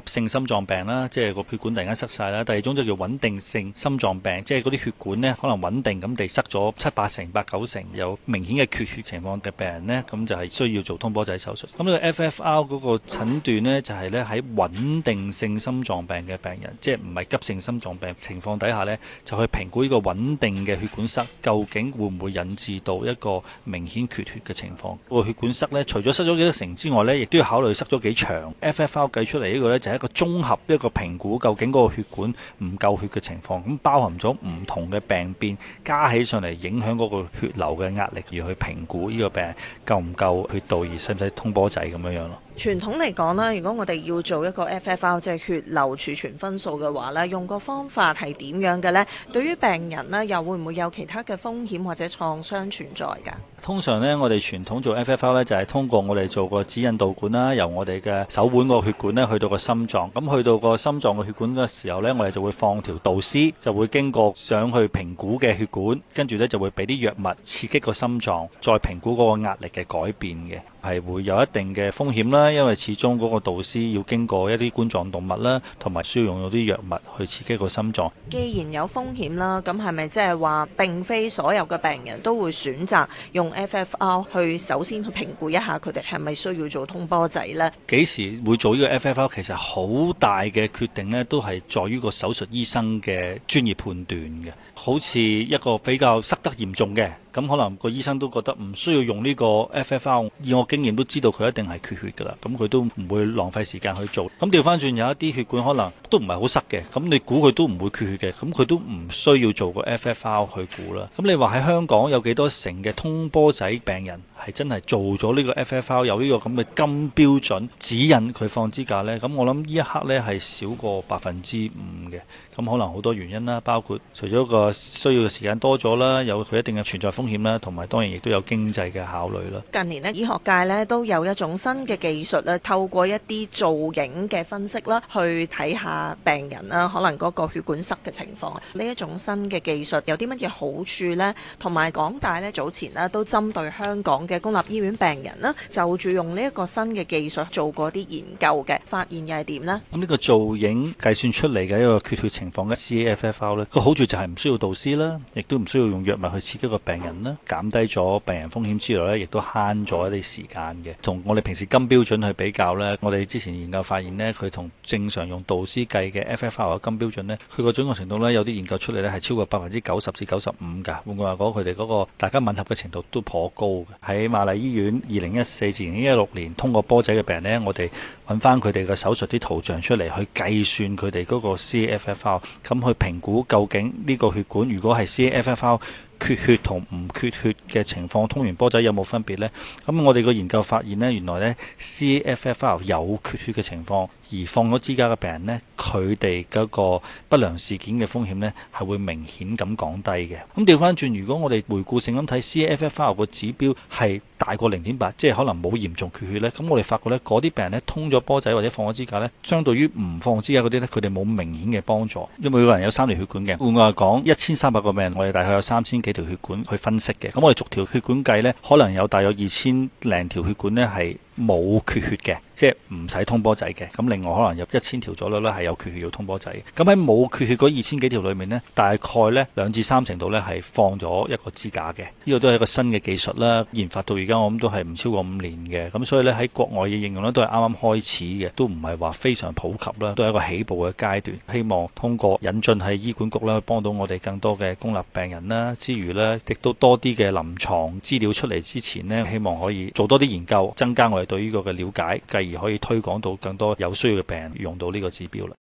急性心臟病啦，即係個血管突然間塞晒啦。第二種就叫穩定性心臟病，即係嗰啲血管呢，可能穩定咁地塞咗七八成、八九成，有明顯嘅缺血情況嘅病人呢，咁就係需要做通波仔手術。咁呢個 FFR 嗰個診斷呢就係呢喺穩定性心臟病嘅病人，即係唔係急性心臟病情況底下呢，就去評估呢個穩定嘅血管塞究竟會唔會引致到一個明顯缺血嘅情況。個血管塞呢，除咗塞咗幾多成之外呢，亦都要考慮塞咗幾長。FFR 計出嚟呢個呢，係一個綜合一個評估，究竟嗰個血管唔夠血嘅情況，咁包含咗唔同嘅病變，加起上嚟影響嗰個血流嘅壓力，而去評估呢個病夠唔夠血道，而使唔使通波仔咁樣樣咯。傳統嚟講啦，如果我哋要做一個 FFR 即係血流儲存分數嘅話咧，用個方法係點樣嘅呢？對於病人呢，又會唔會有其他嘅風險或者創傷存在㗎？通常呢，我哋傳統做 FFR 咧，就係通過我哋做個指引導管啦，由我哋嘅手腕個血管咧，去到個心臟。咁去到個心臟個血管嘅時候呢，我哋就會放條導絲，就會經過想去評估嘅血管，跟住咧就會俾啲藥物刺激個心臟，再評估嗰個壓力嘅改變嘅。係會有一定嘅風險啦，因為始終嗰個導絲要經過一啲冠狀動脈啦，同埋需要用到啲藥物去刺激個心臟。既然有風險啦，咁係咪即係話並非所有嘅病人都會選擇用 FFR 去首先去評估一下佢哋係咪需要做通波仔呢？幾時會做呢個 FFR？其實好大嘅決定呢，都係在於個手術醫生嘅專業判斷嘅。好似一個比較塞得嚴重嘅。咁可能個醫生都覺得唔需要用呢個 FFR，以我經驗都知道佢一定係缺血㗎啦，咁佢都唔會浪費時間去做。咁掉返轉有一啲血管可能都唔係好塞嘅，咁你估佢都唔會缺血嘅，咁佢都唔需要做個 FFR 去估啦。咁你話喺香港有幾多成嘅通波仔病人？係真係做咗呢個 FFR 有呢個咁嘅金標準指引佢放支架呢？咁我諗呢一刻呢係少過百分之五嘅，咁可能好多原因啦，包括除咗個需要嘅時間多咗啦，有佢一定嘅存在風險啦，同埋當然亦都有經濟嘅考慮啦。近年呢，醫學界呢都有一種新嘅技術咧，透過一啲造影嘅分析啦，去睇下病人啦，可能嗰個血管塞嘅情況。呢一種新嘅技術有啲乜嘢好處呢？同埋港大呢，早前呢都針對香港嘅公立醫院病人啦，就住用呢一個新嘅技術做過啲研究嘅，發現又係點呢？咁呢個造影計算出嚟嘅一個缺血情況嘅 caFFR 咧，個好處就係唔需要導絲啦，亦都唔需要用藥物去刺激個病人啦，減低咗病人風險之外咧，亦都慳咗一啲時間嘅。同我哋平時金標準去比較咧，我哋之前研究發現呢，佢同正常用導絲計嘅 FFR 或金標準咧，佢個準確程度咧有啲研究出嚟咧係超過百分之九十至九十五㗎。換句話講，佢哋嗰個大家吻合嘅程度都頗高嘅，喺瑪麗醫院二零一四至二零一六年通過波仔嘅病人呢，我哋揾翻佢哋嘅手術啲圖像出嚟，去計算佢哋嗰個 caFFR，咁去評估究竟呢個血管如果係 caFFR。缺血同唔缺血嘅情況，通完波仔有冇分別呢？咁我哋個研究發現呢，原來呢 caFFR 有缺血嘅情況，而放咗支架嘅病人呢，佢哋嗰個不良事件嘅風險呢係會明顯咁降低嘅。咁調翻轉，如果我哋回顧性咁睇 caFFR 個指標係大過零點八，即係可能冇嚴重缺血呢。咁我哋發覺呢，嗰啲病人呢通咗波仔或者放咗支架呢，相對於唔放支架嗰啲呢，佢哋冇明顯嘅幫助。因為每個人有三條血管嘅，換句話講，一千三百個病人，我哋大概有三千幾條血管去分析嘅。咁我哋逐條血管計呢，可能有大約二千零條血管呢係。冇缺血嘅，即係唔使通波仔嘅。咁另外可能有一千條左右咧，係有缺血，血要通波仔。咁喺冇缺血嗰二千幾條裏面呢，大概呢兩至三成度呢係放咗一個支架嘅。呢、呢個都係一個新嘅技術啦，研發到而家我諗都係唔超過五年嘅。咁所以呢，喺國外嘅應用呢都係啱啱開始嘅，都唔係話非常普及啦，都係一個起步嘅階段。希望通過引進喺醫管局去幫到我哋更多嘅公立病人啦，之餘呢，亦都多啲嘅臨床資料出嚟之前呢，希望可以做多啲研究，增加我哋。對呢個嘅了解，繼而可以推廣到更多有需要嘅病人用到呢個指標啦。